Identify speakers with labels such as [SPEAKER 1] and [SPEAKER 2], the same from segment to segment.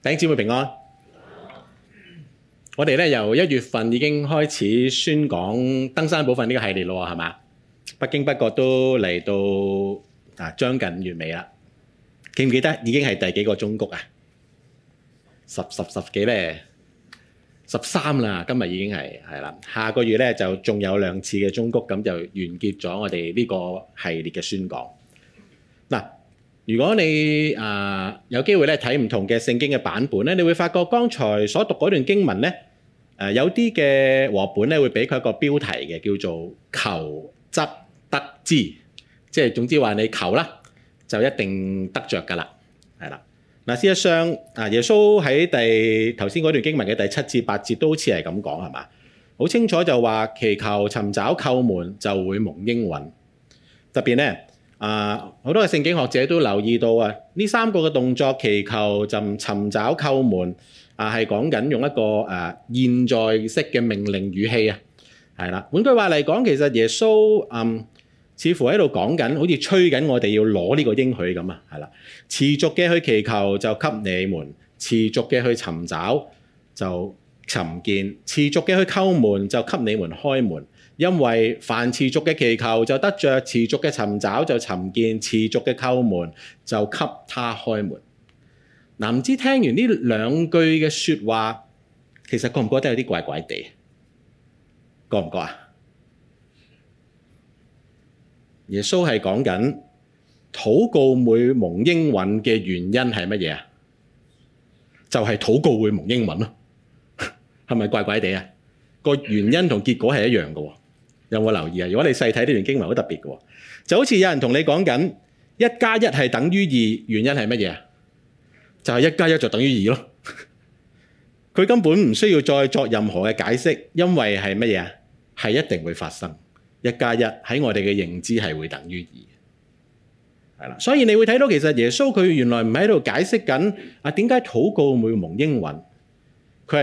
[SPEAKER 1] 弟兄姊妹平安。我哋咧由一月份已經開始宣講登山寶訓呢個系列咯，係嘛？不經不覺都嚟到啊，將近五月尾啦。記唔記得已經係第幾個忠告啊？十十十幾咧，十三啦。今日已經係係啦。下個月咧就仲有兩次嘅忠告，咁就完結咗我哋呢個系列嘅宣講嗱。啊如果你啊、呃、有機會咧睇唔同嘅聖經嘅版本咧，你會發覺剛才所讀嗰段經文咧、呃，有啲嘅和本咧會俾佢一個標題嘅，叫做求則得之，即係總之話你求啦，就一定得着噶啦，係啦。嗱，事實上啊，耶穌喺第頭先嗰段經文嘅第七至八節都好似係咁講係嘛，好清楚就話祈求尋找叩門就會蒙應允，特別咧。啊！好多嘅聖經學者都留意到啊，呢三個嘅動作祈求、啊啊啊嗯、祈求、就尋找、叩門啊，係講緊用一個誒現在式嘅命令語氣啊，係啦。換句話嚟講，其實耶穌嗯似乎喺度講緊，好似催緊我哋要攞呢個應許咁啊，係啦。持續嘅去祈求就給你們，持續嘅去尋找就尋見，持續嘅去叩門就給你們開門。因為凡持續嘅祈求就得着，持續嘅尋找就尋見，持續嘅叩門就給他開門。嗱，唔知聽完呢兩句嘅說話，其實覺唔覺得有啲怪怪地？覺唔覺啊？耶穌係講緊禱告會蒙應允嘅原因係乜嘢啊？就係禱告會蒙應允咯，係咪怪怪地啊？個原因同結果係一樣嘅喎。有冇留意啊？如果你細睇呢段經文，好特別嘅，就好似有人同你講緊一加一係等於二，原因係乜嘢啊？就係一加一就等於二咯。佢根本唔需要再作任何嘅解釋，因為係乜嘢啊？係一定會發生，一加一喺我哋嘅認知係會等於二，係啦。所以你會睇到其實耶穌佢原來唔係喺度解釋緊啊點解禱告會蒙應允，佢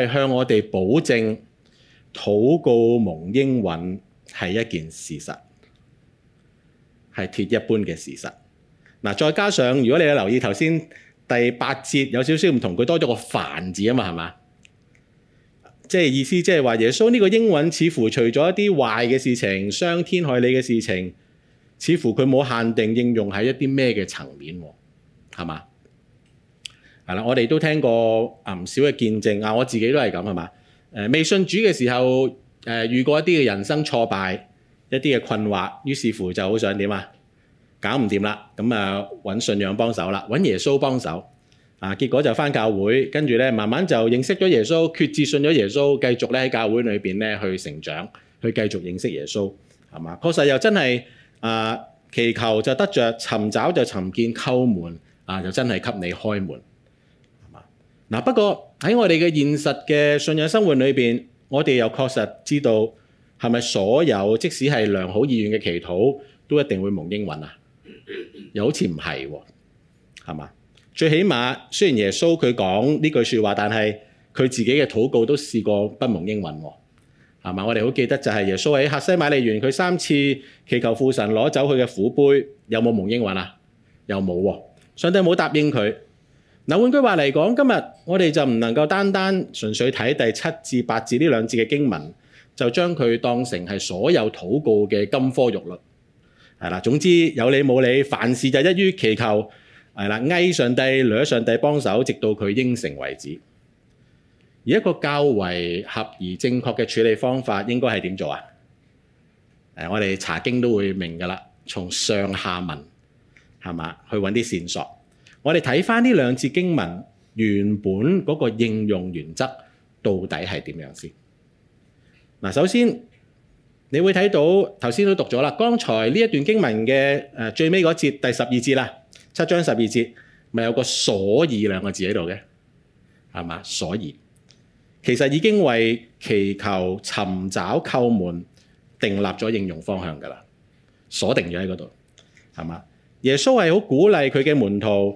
[SPEAKER 1] 係向我哋保證禱告蒙應允。係一件事實，係鐵一般嘅事實。嗱，再加上如果你有留意頭先第八節有少少唔同，佢多咗個凡字啊嘛，係嘛？即係意思即係話耶穌呢個英文似乎除咗一啲壞嘅事情、傷天害理嘅事情，似乎佢冇限定應用喺一啲咩嘅層面，係嘛？係啦，我哋都聽過啊唔少嘅見證，啊我自己都係咁係嘛？誒、呃，未信主嘅時候。誒、呃、遇過一啲嘅人生挫敗，一啲嘅困惑，於是乎就好想點啊？搞唔掂啦，咁啊揾信仰幫手啦，揾耶穌幫手啊！結果就返教會，跟住咧慢慢就認識咗耶穌，決志信咗耶穌，繼續咧喺教會裏邊咧去成長，去繼續認識耶穌，係嘛？確實又真係啊，祈求就得着，尋找就尋見，叩門啊就真係給你開門，係嘛？嗱，不過喺我哋嘅現實嘅信仰生活裏邊。我哋又確實知道係咪所有即使係良好意願嘅祈禱都一定會蒙應允啊？又好似唔係喎，係嘛？最起碼雖然耶穌佢講呢句説話，但係佢自己嘅禱告都試過不蒙應允喎、啊，係嘛？我哋好記得就係耶穌喺客西馬尼園，佢三次祈求父神攞走佢嘅苦杯，有冇蒙應允啊？又冇喎、啊，上帝冇答應佢。嗱，換句話嚟講，今日我哋就唔能夠單單純粹睇第七至八字呢兩字嘅經文，就將佢當成係所有禱告嘅金科玉律，係啦。總之有理冇理，凡事就一於祈求，係啦，哀上帝、懺上帝幫手，直到佢應承為止。而一個較為合宜正確嘅處理方法，應該係點做啊？我哋查經都會明㗎喇，從上下文係嘛，去揾啲線索。我哋睇返呢兩節經文原本嗰個應用原則到底係點樣先？嗱，首先你會睇到頭先都讀咗啦，剛才呢一段經文嘅誒最尾嗰節第十二節啦，七章十二節咪有個所以兩個字喺度嘅，係嘛？所以其實已經為祈求尋找叩門訂立咗應用方向㗎啦，鎖定咗喺嗰度，係嘛？耶穌係好鼓勵佢嘅門徒。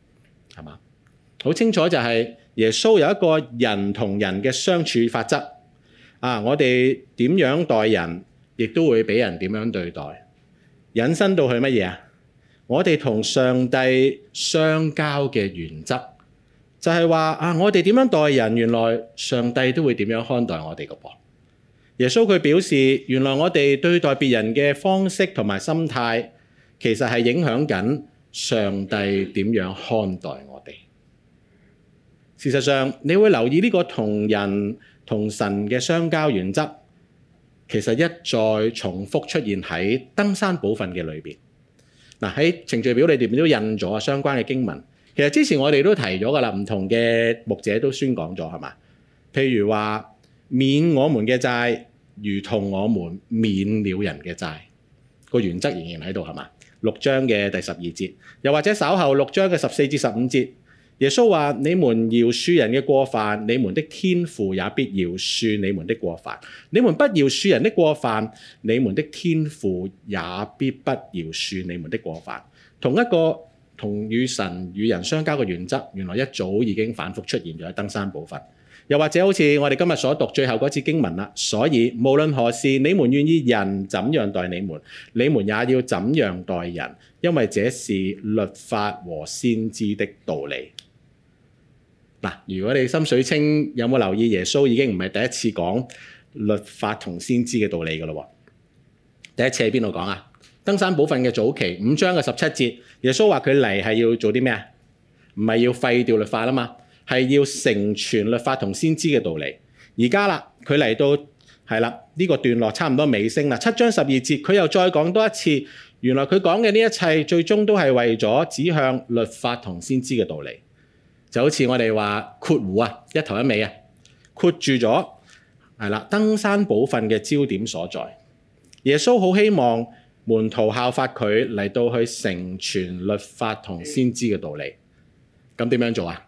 [SPEAKER 1] 係嘛？好清楚就係耶穌有一個人同人嘅相處法則啊！我哋點樣待人，亦都會俾人點樣對待，引申到去乜嘢啊？我哋同上帝相交嘅原則就係話啊！我哋點樣待人，原來上帝都會點樣看待我哋噶噃。耶穌佢表示，原來我哋對待別人嘅方式同埋心態，其實係影響緊。上帝點樣看待我哋？事實上，你會留意呢個同人同神嘅相交原則，其實一再重複出現喺登山寶訓嘅裏面。嗱，喺程序表裏面都印咗相關嘅經文。其實之前我哋都提咗㗎喇，唔同嘅牧者都宣講咗，係嘛？譬如話免我們嘅債，如同我們免了人嘅債，個原則仍然喺度，係嘛？六章嘅第十二節，又或者稍後六章嘅十四至十五節，耶穌話：你們饒恕人嘅過犯，你們的天父也必饒恕你們的過犯；你們不饒恕人的過犯，你們的天父也必不饒恕你們的過犯。同一個同與神與人相交嘅原則，原來一早已經反覆出現咗喺登山部分又或者好似我哋今日所讀最後嗰次經文啦，所以無論何事，你們願意人怎樣待你們，你們也要怎樣待人，因為這是律法和先知的道理。嗱，如果你心水清，有冇留意耶穌已經唔係第一次講律法同先知嘅道理噶咯？第一次喺邊度講啊？登山寶訓嘅早期五章嘅十七節，耶穌話佢嚟係要做啲咩啊？唔係要廢掉律法吖嘛？係要成全律法同先知嘅道理。而家啦，佢嚟到係啦，呢個段落差唔多尾聲啦。七章十二節，佢又再講多一次。原來佢講嘅呢一切，最終都係為咗指向律法同先知嘅道理。就好似我哋話括弧啊，一頭一尾啊，括住咗係啦，登山寶訓嘅焦點所在。耶穌好希望門徒效法佢嚟到去成全律法同先知嘅道理。咁點樣做啊？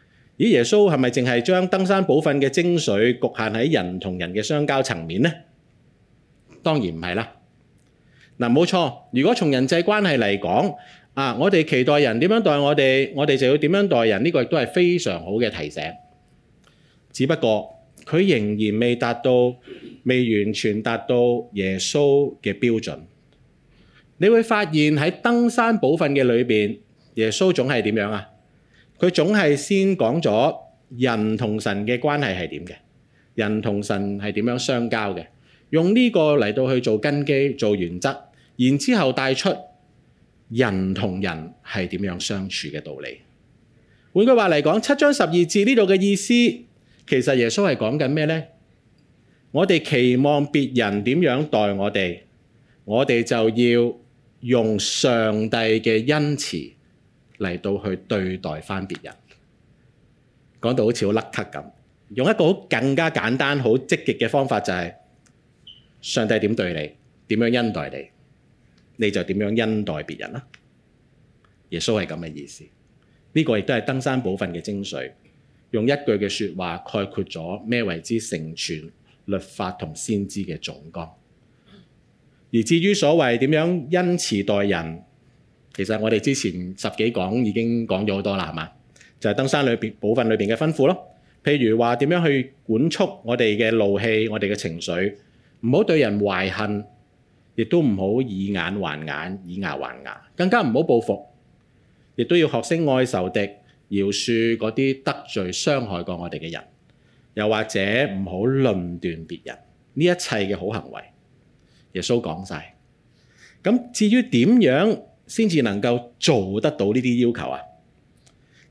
[SPEAKER 1] 咦，耶穌係咪淨係將登山寶訓嘅精髓局限喺人同人嘅相交層面呢？當然唔係啦。嗱，冇錯，如果從人際關係嚟講，啊，我哋期待人點樣待我哋，我哋就要點樣待人，呢個亦都係非常好嘅提醒。只不過佢仍然未達到，未完全達到耶穌嘅標準。你會發現喺登山寶訓嘅裏面，耶穌總係點樣啊？佢總係先講咗人同神嘅關係係點嘅，人同神係點樣相交嘅，用呢個嚟到去做根基、做原則，然之後帶出人同人係點樣相處嘅道理。換句話嚟講，七章十二節呢度嘅意思，其實耶穌係講緊咩咧？我哋期望別人點樣待我哋，我哋就要用上帝嘅恩慈。嚟到去對待翻別人，講到好似好甩咳咁。用一個更加簡單、好積極嘅方法，就是，就係上帝點對你，點樣恩待你，你就點樣恩待別人啦。耶穌係咁嘅意思。呢、這個亦都係登山寶訓嘅精髓，用一句嘅説話概括咗咩謂之成全律法同先知嘅總綱。而至於所謂點樣恩慈待人。其實我哋之前十幾講已經講咗好多啦，係嘛？就係登山裏邊部分裏邊嘅吩咐咯。譬如話點樣去管束我哋嘅怒氣、我哋嘅情緒，唔好對人懷恨，亦都唔好以眼還眼、以牙還牙，更加唔好報復，亦都要學識愛仇敵，饒恕嗰啲得罪、傷害過我哋嘅人，又或者唔好論斷別人。呢一切嘅好行為，耶穌講晒。咁至於點樣先至能夠做得到呢啲要求啊？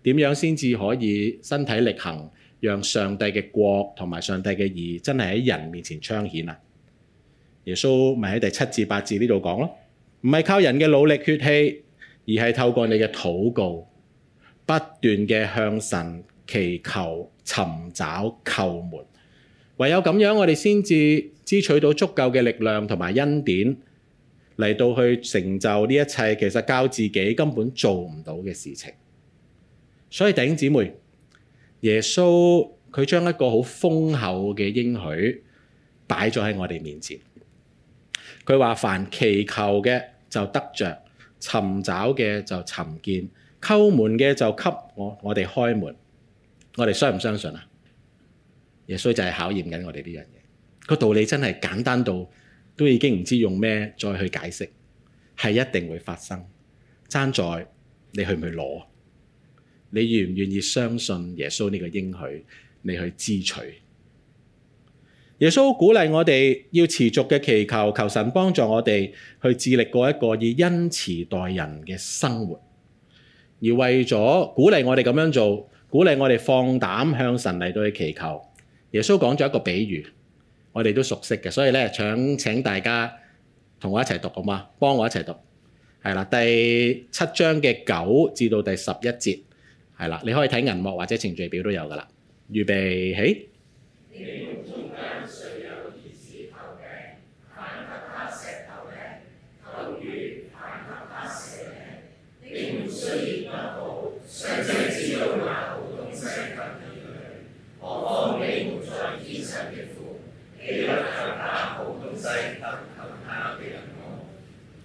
[SPEAKER 1] 點樣先至可以身體力行，讓上帝嘅國同埋上帝嘅義真係喺人面前彰顯啊？耶穌咪喺第七至八字呢度講囉，唔係靠人嘅努力血氣，而係透過你嘅禱告，不斷嘅向神祈求、尋找、叩門。唯有咁樣，我哋先至支取到足夠嘅力量同埋恩典。嚟到去成就呢一切，其實靠自己根本做唔到嘅事情。所以弟兄姊妹，耶穌佢將一個好豐厚嘅應許擺咗喺我哋面前。佢話：凡祈求嘅就得着，尋找嘅就尋見，叩門嘅就給我我哋開門。我哋相唔相信啊？耶穌就係考驗緊我哋呢樣嘢。個道理真係簡單到～都已經唔知用咩再去解釋，係一定會發生。爭在你去唔去攞，你願唔願意相信耶穌呢個應許，你去支取。耶穌鼓勵我哋要持續嘅祈求，求神幫助我哋去致力過一個以恩慈待人嘅生活。而為咗鼓勵我哋咁樣做，鼓勵我哋放膽向神嚟到去祈求。耶穌講咗一個比喻。我哋都熟悉嘅，所以咧想請大家同我一齊讀好嘛？幫我一齊讀，係啦，第七章嘅九至到第十一節，係啦，你可以睇銀幕或者程序表都有噶啦，預備起！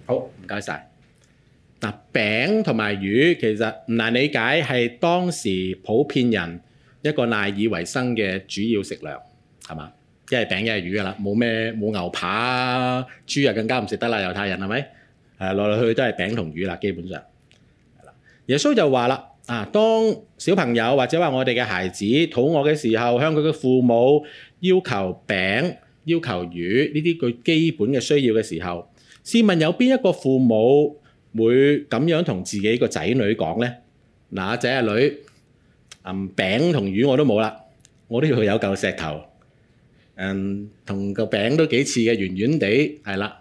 [SPEAKER 1] 好唔該晒。嗱餅同埋魚其實唔難理解，係當時普遍人一個賴以為生嘅主要食糧係嘛？一係餅一係魚噶啦，冇咩冇牛扒啊豬啊更加唔食得啦。猶太人係咪係來來去去都係餅同魚啦？基本上，耶穌就話啦啊，當小朋友或者話我哋嘅孩子肚餓嘅時候，向佢嘅父母。要求餅、要求魚呢啲最基本嘅需要嘅時候，試問有邊一個父母會咁樣同自己個仔女講呢？嗱，仔啊女，嗯，餅同魚我都冇啦，我都要有嚿石頭，嗯，同個餅都幾似嘅，圓圓地，係啦，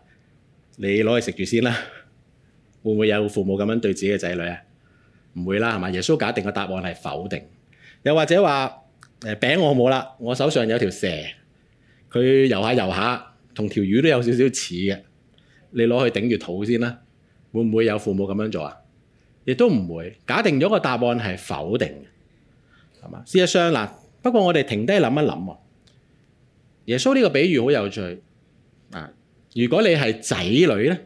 [SPEAKER 1] 你攞去食住先啦。會唔會有父母咁樣對自己嘅仔女啊？唔會啦，係嘛？耶穌假定嘅答案係否定，又或者話。誒餅我冇啦，我手上有條蛇，佢游下游下，同條魚都有少少似嘅。你攞去頂住肚先啦，會唔會有父母咁樣做啊？亦都唔會。假定咗個答案係否定嘅，係嘛？事實上啦，不過我哋停低諗一諗喎。耶穌呢個比喻好有趣啊！如果你係仔女咧，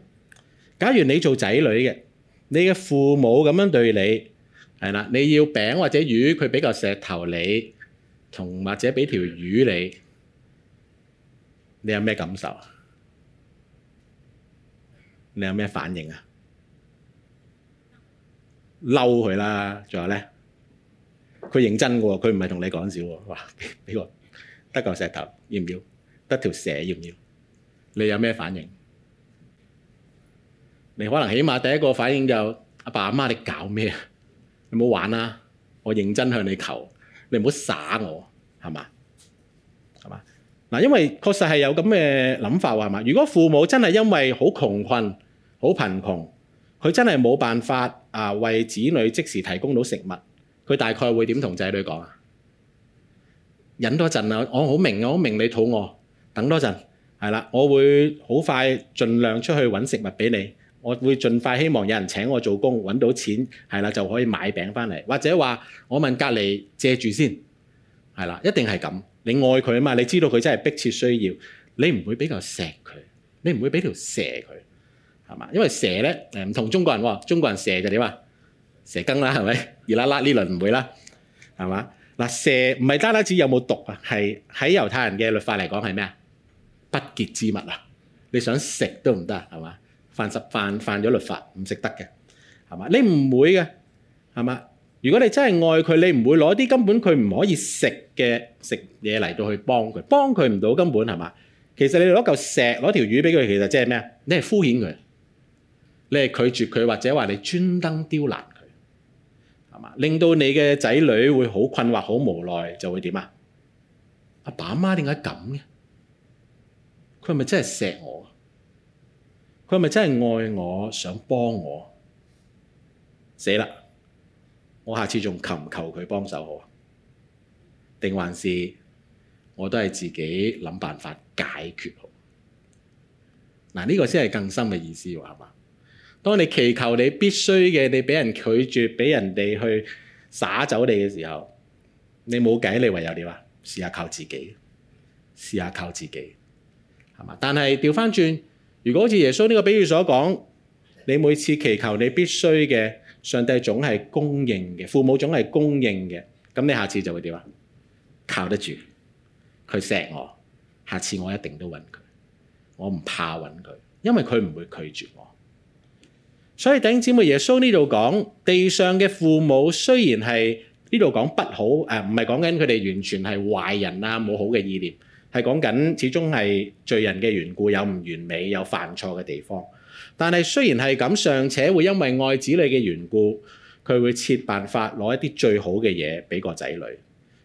[SPEAKER 1] 假如你做仔女嘅，你嘅父母咁樣對你，係啦，你要餅或者魚，佢畀個石頭你。同或者畀條魚你，你有咩感受？你有咩反應啊？嬲佢啦，仲有咧，佢認真嘅喎，佢唔係同你講笑喎。哇！俾個得嚿石頭要唔要？得條蛇要唔要？你有咩反應？你可能起碼第一個反應就是：阿爸阿媽，媽你，你搞咩？你冇玩啦，啊，我認真向你求。你唔好耍我，係嘛？係嘛？嗱，因為確實係有咁嘅諗法，話係嘛？如果父母真係因為好窮困、好貧窮，佢真係冇辦法啊，為子女即時提供到食物，佢大概會點同仔女講啊？忍多陣啊！我好明，我好明你肚餓，等多陣係啦，我會好快盡量出去揾食物畀你。我會盡快希望有人請我做工揾到錢，係啦，就可以買餅翻嚟，或者話我問隔離借住先，係啦一定係咁。你愛佢啊嘛，你知道佢真係迫切需要，你唔會比較錫佢，你唔會俾條蛇佢，係嘛？因為蛇咧誒唔同中國人喎，中國人蛇就點啊？蛇羹啦係咪？熱辣辣呢輪唔會啦，係嘛？嗱蛇唔係單單止有冇毒啊，係喺猶太人嘅律法嚟講係咩啊？不潔之物啊！你想食都唔得係嘛？犯十犯犯咗律法唔食得嘅，係嘛？你唔會嘅，係嘛？如果你真係愛佢，你唔會攞啲根本佢唔可以食嘅食嘢嚟，到去幫佢，幫佢唔到根本係嘛？其實你攞嚿石，攞條魚俾佢，其實即係咩啊？你係敷衍佢，你係拒絕佢，或者話你專登刁難佢，係嘛？令到你嘅仔女會好困惑、好無奈，就會點啊？阿爸阿媽點解咁嘅？佢係咪真係錫我？佢咪真係愛我，想幫我，死啦！我下次仲求唔求佢幫手好啊？定還是我都係自己諗辦法解決好？嗱，呢個先係更深嘅意思喎，係嘛？當你祈求你必須嘅，你俾人拒絕，俾人哋去耍走你嘅時候，你冇計，你唯有點啊？試下靠自己，試下靠自己，係嘛？但係調返轉。如果好似耶穌呢個比喻所講，你每次祈求你必須嘅，上帝總係供應嘅，父母總係供應嘅，咁你下次就會點啊？靠得住，佢錫我，下次我一定都揾佢我唔怕揾佢，因為佢唔會拒絕我。所以弟兄姊妹，耶穌呢度講地上嘅父母雖然係呢度講不好，誒唔係講緊佢哋完全係壞人呀，冇好嘅意念。係講緊，始終係罪人嘅緣故，有唔完美，有犯錯嘅地方。但係雖然係咁，尚且會因為愛子女嘅緣故，佢會設辦法攞一啲最好嘅嘢俾個仔女。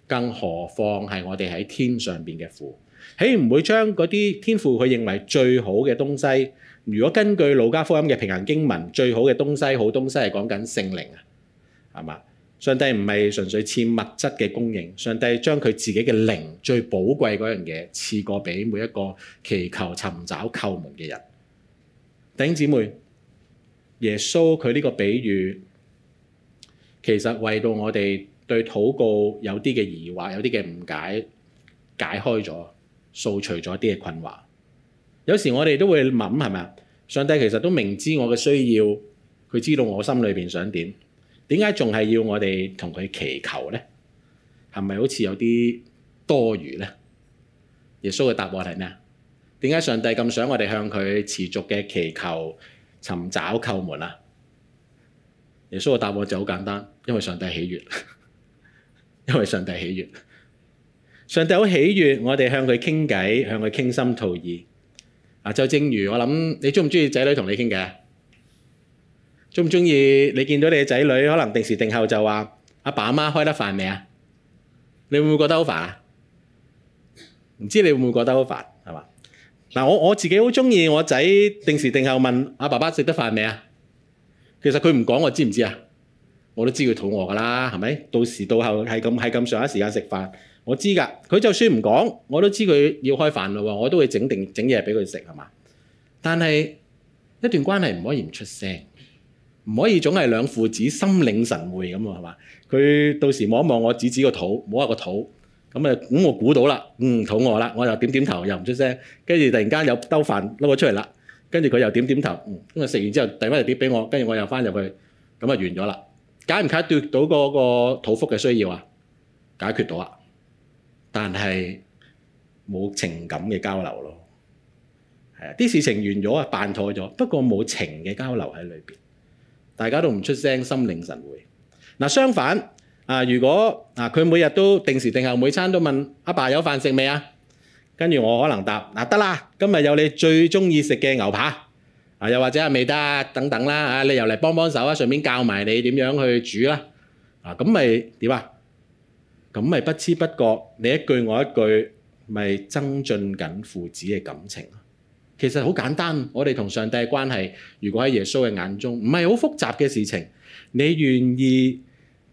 [SPEAKER 1] 更何況係我哋喺天上邊嘅父，豈唔會將嗰啲天父佢認為最好嘅東西？如果根據路加福音嘅平行經文，最好嘅東西、好東西係講緊聖靈啊，係咪？上帝唔係純粹賜物質嘅供應，上帝將佢自己嘅靈最寶貴嗰樣嘢賜過畀每一個祈求、尋找、叩門嘅人。弟兄姊妹，耶穌佢呢個比喻，其實為到我哋對禱告有啲嘅疑惑、有啲嘅誤解，解開咗、掃除咗一啲嘅困惑。有時我哋都會諗係咪啊？上帝其實都明知我嘅需要，佢知道我心裏面想點。點解仲係要我哋同佢祈求咧？係咪好似有啲多餘咧？耶穌嘅答案係咩啊？點解上帝咁想我哋向佢持續嘅祈求、尋找、叩門啊？耶穌嘅答案就好簡單，因為上帝喜悅，因為上帝喜悅，上帝好喜悅，我哋向佢傾偈，向佢傾心吐意。啊，就正如我諗，你鍾唔鍾意仔女同你傾偈？中唔中意你見到你嘅仔女，可能定時定候就話阿爸阿媽開得飯未啊？你會唔會覺得好煩啊？唔知你會唔會覺得好煩係嘛？嗱，我我自己好中意我仔定時定候問阿爸爸食得飯未啊。其實佢唔講，我知唔知啊？我都知佢肚餓㗎啦，係咪？到時到候係咁係咁上一段時間食飯，我知㗎。佢就算唔講，我都知佢要開飯啦。我都會整定整嘢俾佢食，係嘛？但係一段關係唔可以唔出聲。唔可以總係兩父子心領神會咁啊，係嘛？佢到時望一望我指指個肚，摸下個肚咁啊，咁、嗯、我估到啦，嗯，肚餓啦，我又點點頭又唔出聲，跟住突然間有兜飯撈咗出嚟啦，跟住佢又點點頭，嗯，咁啊食完之後遞翻隻碟俾我，跟住我又翻入去，咁啊完咗啦。解唔解決到嗰個肚腹嘅需要啊？解決到啊，但係冇情感嘅交流咯，係啊，啲事情完咗啊，辦妥咗，不過冇情嘅交流喺裏邊。大家都唔出聲，心領神會。嗱，相反啊，如果啊佢每日都定時定候，每餐都問阿爸有飯食未啊？跟住我可能答嗱得啦，今日有你最鍾意食嘅牛扒啊，又或者係未得等等啦嚇，你又嚟幫幫手啊，順便教埋你點樣去煮啦啊，咁咪點啊？咁咪不知不覺，你一句我一句，咪增進緊父子嘅感情啊！其實好簡單，我哋同上帝嘅關係，如果喺耶穌嘅眼中，唔係好複雜嘅事情。你願意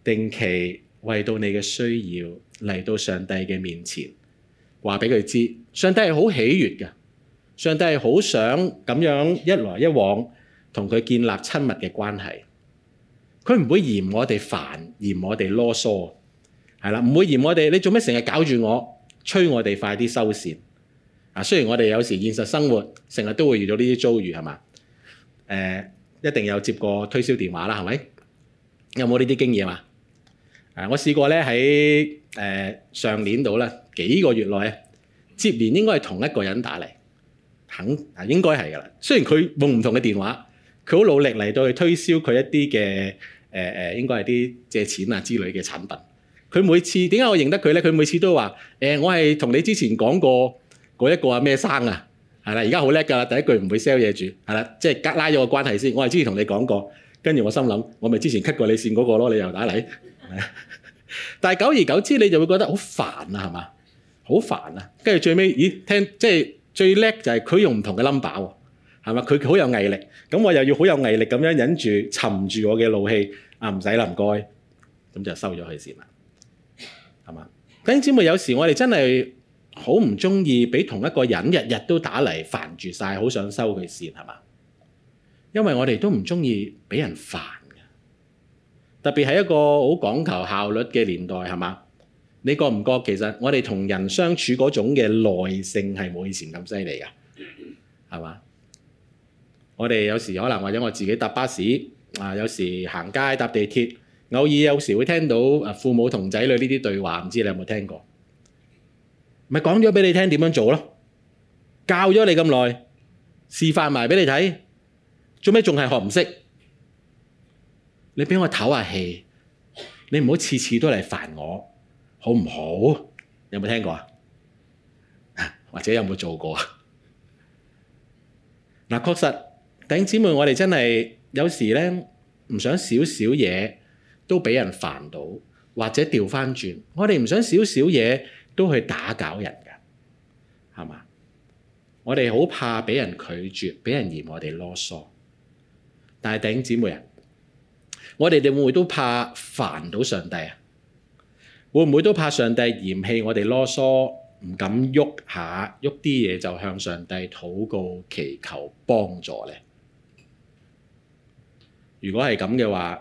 [SPEAKER 1] 定期為到你嘅需要嚟到上帝嘅面前，話畀佢知，上帝係好喜悅嘅，上帝係好想咁樣一來一往同佢建立親密嘅關係。佢唔會嫌我哋煩，嫌我哋囉嗦，係啦，唔會嫌我哋，你做咩成日搞住我，催我哋快啲收線。啊，雖然我哋有時現實生活成日都會遇到呢啲遭遇，係嘛？誒、呃，一定有接過推銷電話啦，係咪？有冇呢啲經驗啊、呃？我試過咧喺誒上年度咧幾個月內啊，接連應該係同一個人打嚟，肯啊應該係㗎啦。雖然佢用唔同嘅電話，佢好努力嚟到去推銷佢一啲嘅誒誒，應該係啲借錢啊之類嘅產品。佢每次點解我認得佢咧？佢每次都話：誒、呃，我係同你之前講過。我一個啊咩生啊，係啦，而家好叻㗎啦。第一句唔會 sell 嘢住，係啦，即係拉咗個關係先。我係之前同你講過，跟住我心諗，我咪之前 cut 過你線嗰個咯，啊，你又打嚟。但係久而久之，你就會覺得好煩啊，係嘛？好煩啊！跟住最尾，咦？聽，即係最叻就係佢用唔同嘅 number 喎，係嘛？佢好有毅力，咁我又要好有毅力咁樣忍住，沉住我嘅怒氣啊，唔使啦，唔該。咁就收咗佢線啦，係嘛？咁姊妹有時我哋真係～好唔中意俾同一個人日日都打嚟煩住曬，好想收佢線係嘛？因為我哋都唔中意俾人煩嘅，特別係一個好講求效率嘅年代係嘛？你覺唔覺其實我哋同人相處嗰種嘅耐性係冇以前咁犀利㗎？係嘛？我哋有時可能或者我自己搭巴士啊，有時行街搭地鐵，偶爾有時會聽到父母同仔女呢啲對話，唔知你有冇聽過？咪講咗俾你聽點樣做咯，教咗你咁耐，示範埋俾你睇，做咩仲係學唔識？你俾我唞下氣，你唔好次次都嚟煩我，好唔好？有冇聽過啊？或者有冇做過啊？嗱，確實頂姊妹，我哋真係有時咧，唔想少少嘢都俾人煩到，或者調返轉，我哋唔想少少嘢。都去打攪人噶，係嘛？我哋好怕畀人拒絕，畀人嫌我哋囉嗦。但係弟兄姊妹啊，我哋哋會唔會都怕煩到上帝啊？會唔會都怕上帝嫌棄我哋囉嗦，唔敢喐下喐啲嘢，就向上帝禱告祈求幫助咧？如果係咁嘅話，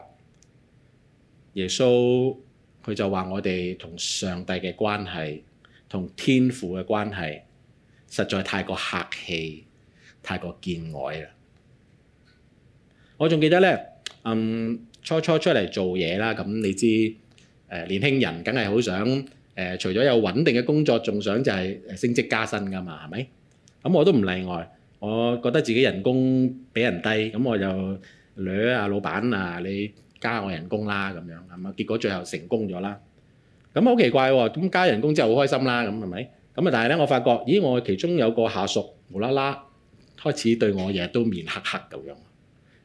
[SPEAKER 1] 耶穌。佢就話：我哋同上帝嘅關係，同天父嘅關係，實在太過客氣，太過見外啦！我仲記得咧，嗯，初初出嚟做嘢啦，咁你知誒、呃、年輕人梗係好想誒、呃，除咗有穩定嘅工作，仲想就係升職加薪㗎嘛，係咪？咁我都唔例外，我覺得自己人工比人低，咁我就掠啊，老闆啊，你。加我人工啦咁樣，咁結果最後成功咗啦。咁好奇怪喎！咁加人工之後好開心啦，咁係咪？咁啊，但係咧我發覺，咦，我其中有個下屬無啦啦開始對我日日都面黑黑咁樣，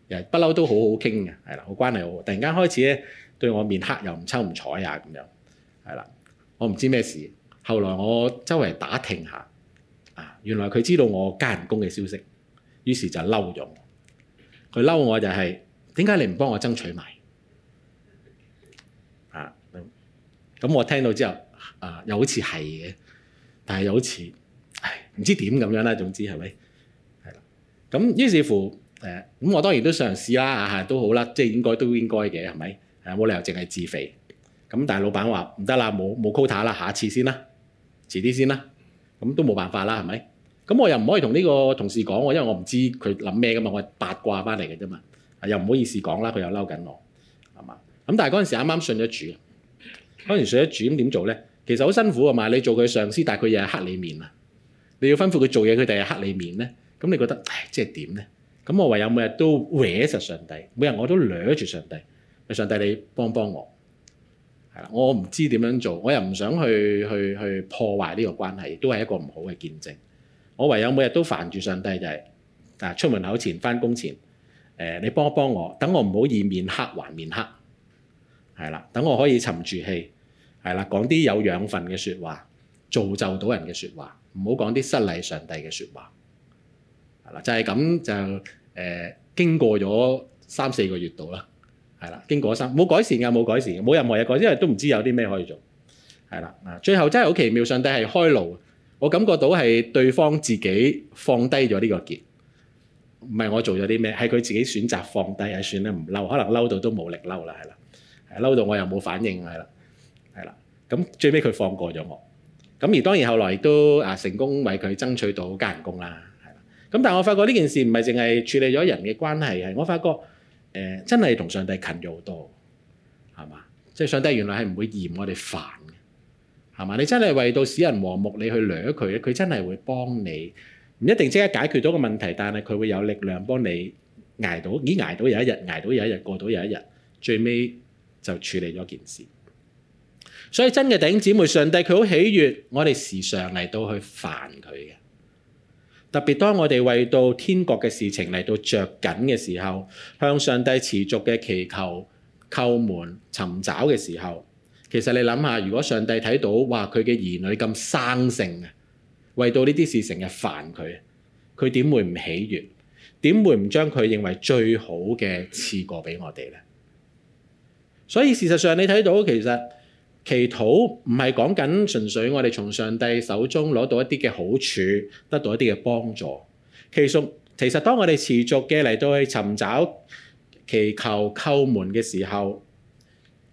[SPEAKER 1] 又不嬲都好好傾嘅，係啦，個關係好，突然間開始咧對我面黑又唔抽唔睬啊咁樣，係啦，我唔知咩事。後來我周圍打聽下，啊，原來佢知道我加人工嘅消息，於是就嬲咗我。佢嬲我就係點解你唔幫我爭取埋？咁我聽到之後，啊，又好似係嘅，但係又好似，唉，唔知點咁樣啦。總之係咪？係啦。咁於是乎，誒、啊，咁我當然都嘗試啦，嚇、啊啊、都好啦，即係應該都應該嘅，係咪？誒、啊，冇理由淨係自肥。咁但係老闆話唔得啦，冇冇 quota 啦，下次先啦，遲啲先啦。咁都冇辦法啦，係咪？咁我又唔可以同呢個同事講，因為我唔知佢諗咩噶嘛，我係八卦翻嚟嘅啫嘛。啊，又唔好意思講啦，佢又嬲緊我，係嘛？咁但係嗰陣時啱啱信咗主。當然，上一咁點做咧？其實好辛苦啊嘛！你做佢上司，但係佢又係黑你面啊！你要吩咐佢做嘢，佢哋日黑你面咧，咁你覺得唉，即係點咧？咁我唯有每日都搲著上帝，每日我都掠住上帝。上帝你幫幫，你幫幫我啦！我唔知點樣做，我又唔想去去去破壞呢個關係，都係一個唔好嘅見證。我唯有每日都煩住上帝、就是，就係啊出門口前、翻工前，呃、你幫幫我，等我唔好以面黑還面黑，係啦，等我可以沉住氣。係啦，講啲有養分嘅説話，造就到人嘅説話，唔好講啲失禮上帝嘅説話。係啦，就係、是、咁就誒、呃，經過咗三四個月度啦。係啦，經過三冇改善嘅，冇改善，冇任何嘢改，因為都唔知有啲咩可以做。係啦、啊，最後真係好奇妙，上帝係開路，我感覺到係對方自己放低咗呢個結，唔係我做咗啲咩，係佢自己選擇放低，係算咧唔嬲，可能嬲到都冇力嬲啦，係啦，嬲到我又冇反應，係啦。咁最尾佢放過咗我，咁而當然後來亦都啊成功為佢爭取到加人工啦，係啦。咁但係我發覺呢件事唔係淨係處理咗人嘅關係，係我發覺誒、呃、真係同上帝近咗好多，係嘛？即係上帝原來係唔會嫌我哋煩嘅，係嘛？你真係為到使人和睦，你去掠佢，佢真係會幫你，唔一定即刻解決到個問題，但係佢會有力量幫你捱到，已經捱到有一日，捱到有一日過到有一日，最尾就處理咗件事。所以真嘅弟兄姊妹，上帝佢好喜悅我哋時常嚟到去煩佢嘅。特別當我哋為到天國嘅事情嚟到着緊嘅時候，向上帝持續嘅祈求、叩門、尋找嘅時候，其實你諗下，如果上帝睇到話佢嘅兒女咁生性呀，為到呢啲事成日煩佢，佢點會唔喜悅？點會唔將佢認為最好嘅賜過俾我哋咧？所以事實上你睇到其實。祈禱唔係講緊純粹我哋從上帝手中攞到一啲嘅好處，得到一啲嘅幫助。其實其實當我哋持續嘅嚟到去尋找、祈求、叩門嘅時候，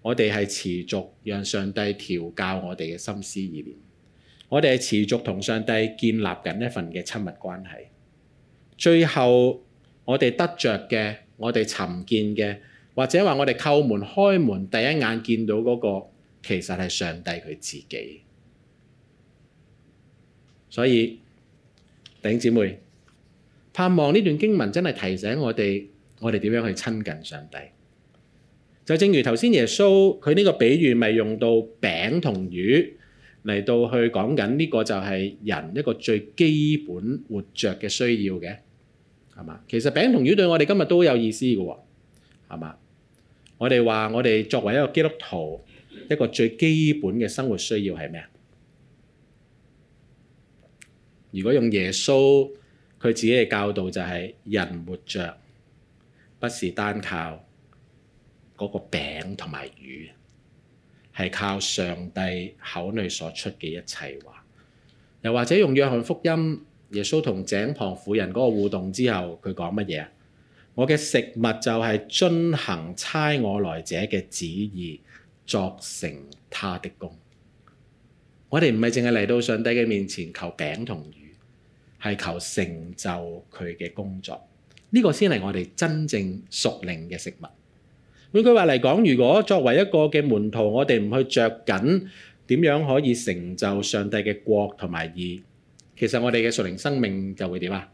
[SPEAKER 1] 我哋係持續讓上帝調教我哋嘅心思意念。我哋係持續同上帝建立緊一份嘅親密關係。最後我哋得着嘅，我哋尋見嘅，或者話我哋叩門開門第一眼見到嗰個。其實係上帝佢自己，所以弟兄姐妹，盼望呢段經文真係提醒我哋，我哋點樣去親近上帝。就正如頭先耶穌佢呢個比喻，咪用到餅同魚嚟到去講緊呢個就係人一個最基本活着嘅需要嘅係嘛？其實餅同魚對我哋今日都有意思嘅係嘛？我哋話我哋作為一個基督徒。一個最基本嘅生活需要係咩？如果用耶穌佢自己嘅教導，就是，就係人活着不是單靠嗰個餅同埋魚，係靠上帝口內所出嘅一切話。又或者用約翰福音，耶穌同井旁婦人嗰個互動之後，佢講乜嘢啊？我嘅食物就係遵行差我來者嘅旨意，作成他的工，我哋唔係淨係嚟到上帝嘅面前求餅同魚，係求成就佢嘅工作。呢個先係我哋真正屬靈嘅食物。換句話嚟講，如果作為一個嘅門徒，我哋唔去著緊點樣可以成就上帝嘅國同埋義，其實我哋嘅屬靈生命就會點啊？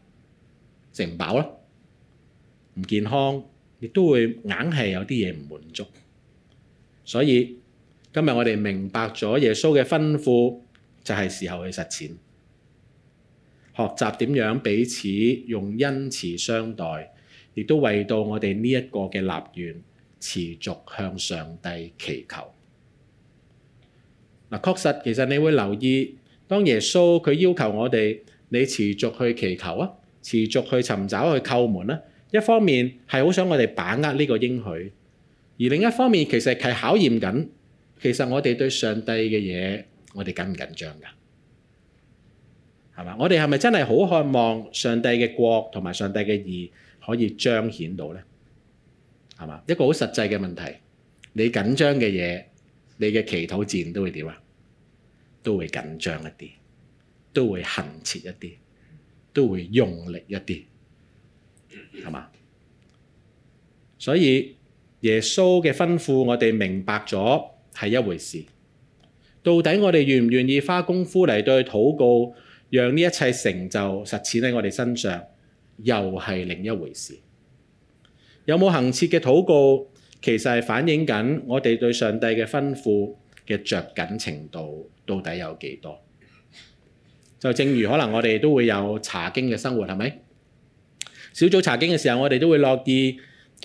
[SPEAKER 1] 食唔飽囉，唔健康，亦都會硬係有啲嘢唔滿足。所以今日我哋明白咗耶穌嘅吩咐，就係時候去實踐，學習點樣彼此用恩慈相待，亦都為到我哋呢一個嘅立願持續向上帝祈求。確實，其實你會留意，當耶穌佢要求我哋，你持續去祈求啊，持續去尋找去叩門啊，一方面係好想我哋把握呢個應許。而另一方面，其實係考驗緊，其實我哋對上帝嘅嘢，我哋緊唔緊張㗎？係嘛？我哋係咪真係好渴望上帝嘅國同埋上帝嘅義可以彰顯到咧？係嘛？一個好實際嘅問題。你緊張嘅嘢，你嘅祈禱自然都會點啊？都會緊張一啲，都會懇切一啲，都會用力一啲，係嘛？所以。耶穌嘅吩咐，我哋明白咗係一回事。到底我哋願唔願意花功夫嚟對禱告，讓呢一切成就實踐喺我哋身上，又係另一回事。有冇恆切嘅禱告，其實係反映緊我哋對上帝嘅吩咐嘅著緊程度，到底有幾多？就正如可能我哋都會有查經嘅生活，係咪？小組查經嘅時候，我哋都會樂意。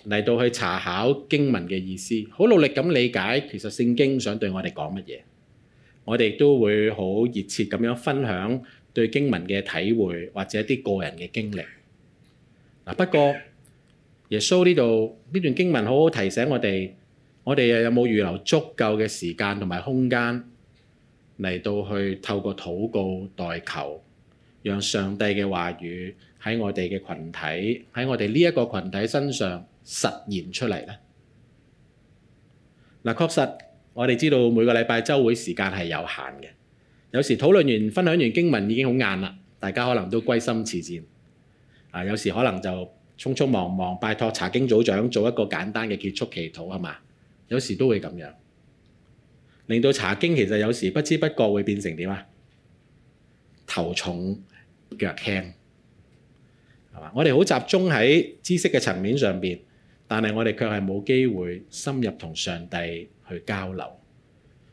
[SPEAKER 1] 嚟到去查考經文嘅意思，好努力咁理解其實聖經想對我哋講乜嘢，我哋都會好熱切咁樣分享對經文嘅體會或者啲個人嘅經歷。不過耶穌呢度呢段經文好好提醒我哋，我哋又有冇預留足夠嘅時間同埋空間嚟到去透過禱告代求，讓上帝嘅話語喺我哋嘅群體，喺我哋呢一個群體身上實現出嚟咧嗱，確實我哋知道每個禮拜週會時間係有限嘅，有時討論完、分享完經文已經好晏啦，大家可能都歸心似箭、啊、有時可能就匆匆忙忙，拜託查經組長做一個簡單嘅結束祈禱，係嘛？有時都會咁樣，令到查經其實有時不知不覺會變成點啊？頭重腳輕係嘛？我哋好集中喺知識嘅層面上面。但係我哋卻係冇機會深入同上帝去交流，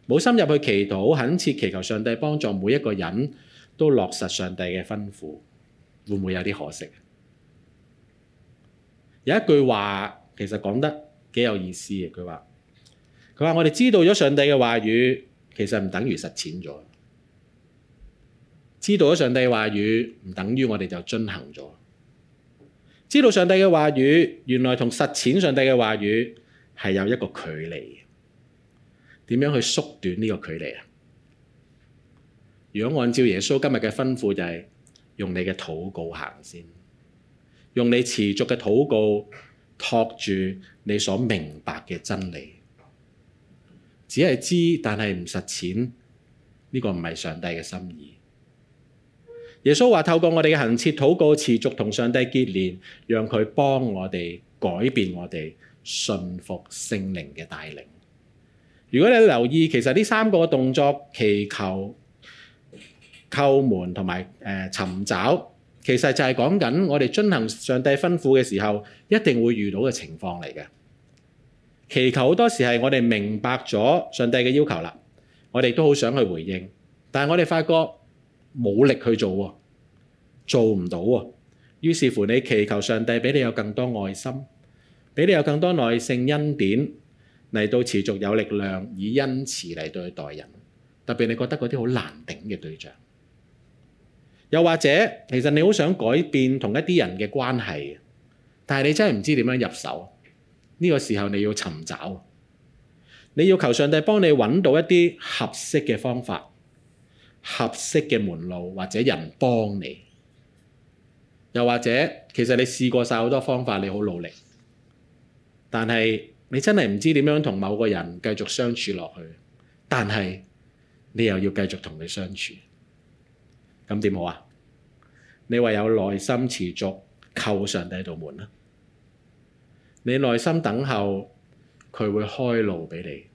[SPEAKER 1] 冇深入去祈禱，懇切祈求上帝幫助每一個人都落實上帝嘅吩咐，會唔會有啲可惜？有一句話其實講得幾有意思嘅，佢話：佢話我哋知道咗上帝嘅話語，其實唔等於實踐咗；知道咗上帝嘅話語，唔等於我哋就遵行咗。知道上帝嘅話語，原來同實踐上帝嘅話語係有一個距離嘅。點樣去縮短呢個距離啊？如果按照耶穌今日嘅吩咐、就是，就係用你嘅禱告行先，用你持續嘅禱告托住你所明白嘅真理。只係知，但係唔實踐，呢、這個唔係上帝嘅心意。耶穌話：透過我哋嘅恆切禱告，持續同上帝結連，讓佢幫我哋改變我哋，順服聖靈嘅帶領。如果你留意，其實呢三個動作，祈求、叩門同埋誒尋找，其實就係講緊我哋遵行上帝吩咐嘅時候，一定會遇到嘅情況嚟嘅。祈求好多時係我哋明白咗上帝嘅要求啦，我哋都好想去回應，但係我哋發覺。冇力去做，做唔到。於是乎，你祈求上帝畀你有更多愛心，畀你有更多耐性、恩典，嚟到持續有力量，以恩慈嚟對待人。特別你覺得嗰啲好難頂嘅對象，又或者其實你好想改變同一啲人嘅關係，但係你真係唔知點樣入手。呢個時候你要尋找，你要求上帝幫你揾到一啲合適嘅方法。合適嘅門路，或者人幫你，又或者其實你試過晒好多方法，你好努力，但係你真係唔知點樣同某個人繼續相處落去，但係你又要繼續同佢相處，咁點好啊？你唯有耐心持續叩上帝道門啦，你耐心等候，佢會開路畀你。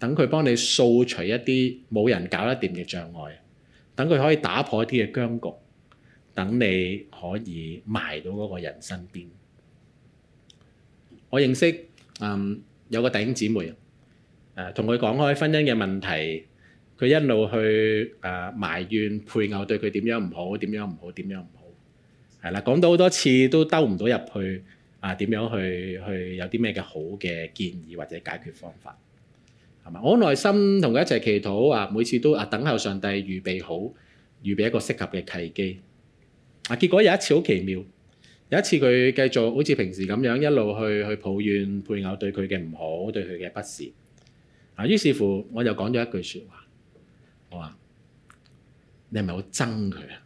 [SPEAKER 1] 等佢幫你掃除一啲冇人搞得掂嘅障礙，等佢可以打破一啲嘅僵局，等你可以埋到嗰個人身邊。我認識有、嗯、有個弟兄姊妹，同佢講開婚姻嘅問題，佢一路去、啊、埋怨配偶對佢點樣唔好，點樣唔好，點樣唔好，係啦，講到好多次都兜唔到入去啊，點樣去去有啲咩嘅好嘅建議或者解決方法？係嘛？我好耐心同佢一齊祈禱啊！每次都啊，等候上帝預備好，預備一個適合嘅契機啊！結果有一次好奇妙，有一次佢繼續好似平時咁樣一路去去抱怨配偶對佢嘅唔好，對佢嘅不是。啊！於是乎，我就講咗一句說話，我話：你係咪好憎佢啊？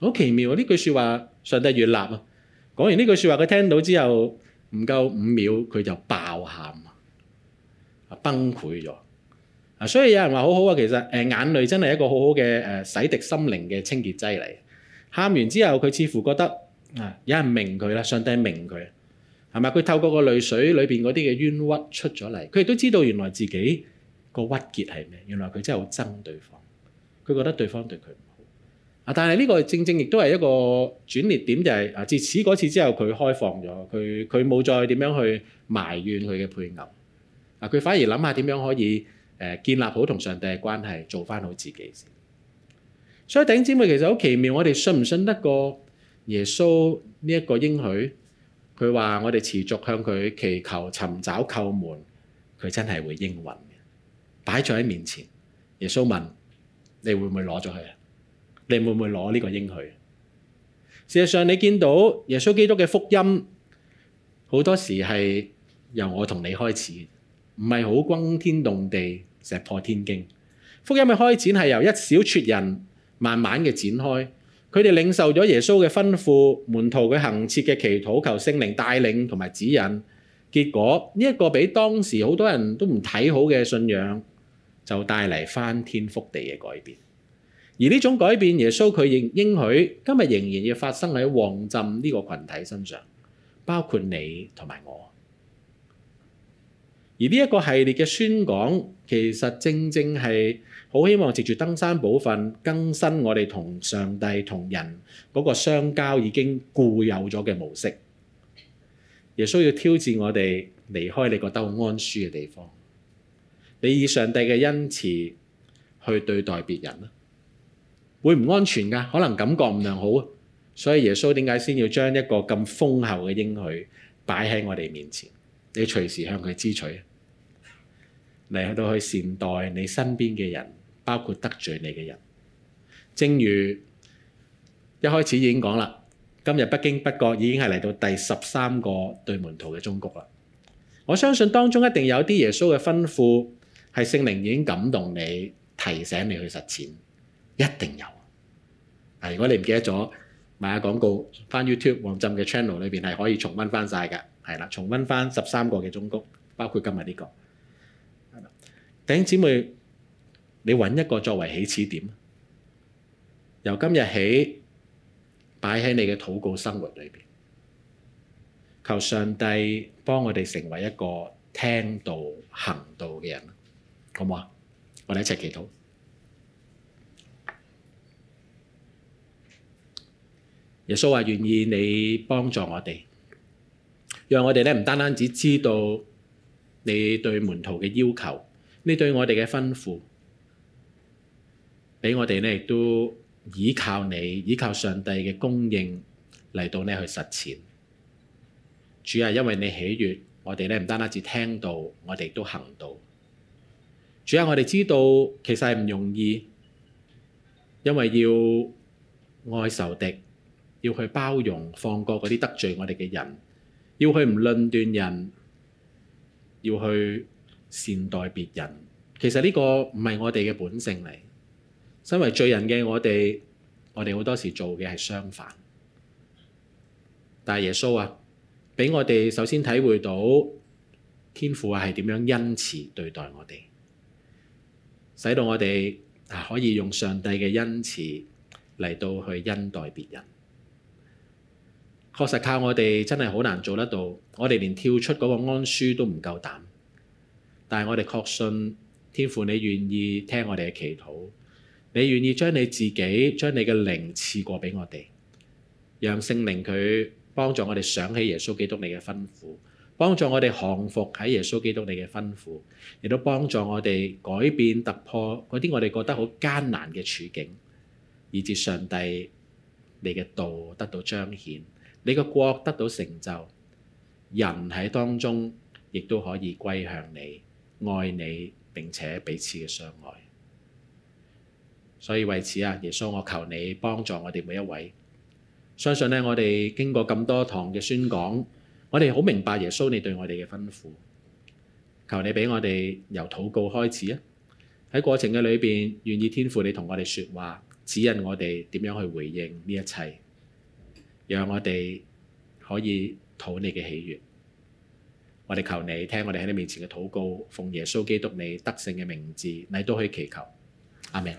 [SPEAKER 1] 好奇妙！呢句說話，上帝越立啊！講完呢句說話，佢聽到之後唔夠五秒，佢就爆喊崩潰咗啊！所以有人話好好啊，其實誒眼淚真係一個好好嘅誒洗滌心靈嘅清潔劑嚟。喊完之後，佢似乎覺得啊，有人明佢啦，上帝明佢係咪？佢透過個淚水裏邊嗰啲嘅冤屈出咗嚟，佢亦都知道原來自己個鬱結係咩，原來佢真係好憎對方，佢覺得對方對佢唔好啊！但係呢個正正亦都係一個轉捩點，就係、是、啊自此嗰次之後，佢開放咗，佢佢冇再點樣去埋怨佢嘅配偶。佢反而諗下點樣可以誒建立好同上帝嘅關係，做翻好自己先。所以頂姊妹其實好奇妙，我哋信唔信得過耶穌呢一個應許？佢話我哋持續向佢祈求、尋找、叩門，佢真係會應允嘅。擺咗喺面前，耶穌問：你會唔會攞咗佢啊？你會唔會攞呢個應許？事實上，你見到耶穌基督嘅福音，好多時係由我同你開始。唔係好轟天動地、石破天驚，福音嘅開展係由一小撮人慢慢嘅展開，佢哋領受咗耶穌嘅吩咐，門徒嘅行切嘅祈禱，求聖靈帶領同埋指引，結果呢一個俾當時好多人都唔睇好嘅信仰，就帶嚟翻天覆地嘅改變。而呢種改變，耶穌佢應許，今日仍然要發生喺旺浸呢個群體身上，包括你同埋我。而呢一個系列嘅宣講，其實正正係好希望藉住登山寶訓更新我哋同上帝同人嗰個相交已經固有咗嘅模式。耶穌要挑戰我哋離開你覺得好安舒嘅地方，你以上帝嘅恩慈去對待別人會會唔安全㗎？可能感覺唔良好，所以耶穌點解先要將一個咁豐厚嘅應許擺喺我哋面前？你隨時向佢支取！嚟到去善待你身邊嘅人，包括得罪你嘅人。正如一開始已經講啦，今日不經不覺已經係嚟到第十三個對門徒嘅忠告啦。我相信當中一定有啲耶穌嘅吩咐，係聖靈已經感動你，提醒你去實踐，一定有。嗱，如果你唔記得咗，買下廣告翻 YouTube 旺浸嘅 channel 裏邊係可以重溫翻晒嘅，係啦，重溫翻十三個嘅忠告，包括今日呢、這個。頂姊妹，你揾一個作為起始點，由今日起擺喺你嘅禱告生活裏邊，求上帝幫我哋成為一個聽道行道嘅人，好唔好啊？我哋一齊祈禱。耶穌話，願意你幫助我哋，讓我哋咧唔單單只知道你對門徒嘅要求。你對我哋嘅吩咐，畀我哋呢亦都倚靠你，倚靠上帝嘅供應嚟到呢去實踐。主啊，因為你喜悅，我哋呢唔單單只聽到，我哋都行到。主啊，我哋知道其實係唔容易，因為要愛仇敵，要去包容、放過嗰啲得罪我哋嘅人，要去唔論斷人，要去，善待別人，其實呢個唔係我哋嘅本性嚟。身為罪人嘅我哋，我哋好多時做嘅係相反。但係耶穌啊，畀我哋首先體會到天父啊係點樣恩慈對待我哋，使到我哋可以用上帝嘅恩慈嚟到去恩待別人。確實靠我哋真係好難做得到，我哋連跳出嗰個安舒都唔夠膽。但係我哋確信天父，你願意聽我哋嘅祈禱，你願意將你自己、將你嘅靈賜過畀我哋，讓聖靈佢幫助我哋想起耶穌基督你嘅吩咐，幫助我哋降服喺耶穌基督你嘅吩咐，亦都幫助我哋改變突破嗰啲我哋覺得好艱難嘅處境，以至上帝你嘅道得到彰顯，你嘅國得到成就，人喺當中亦都可以歸向你。愛你，並且彼此嘅相愛。所以為此啊，耶穌，我求你幫助我哋每一位。相信呢，我哋經過咁多堂嘅宣講，我哋好明白耶穌你對我哋嘅吩咐。求你俾我哋由禱告開始啊！喺過程嘅裏邊，願意天父你同我哋說話，指引我哋點樣去回應呢一切，讓我哋可以討你嘅喜悅。我哋求你聽我哋喺你面前嘅禱告，奉耶穌基督你得勝嘅名字，你都可以祈求，阿明。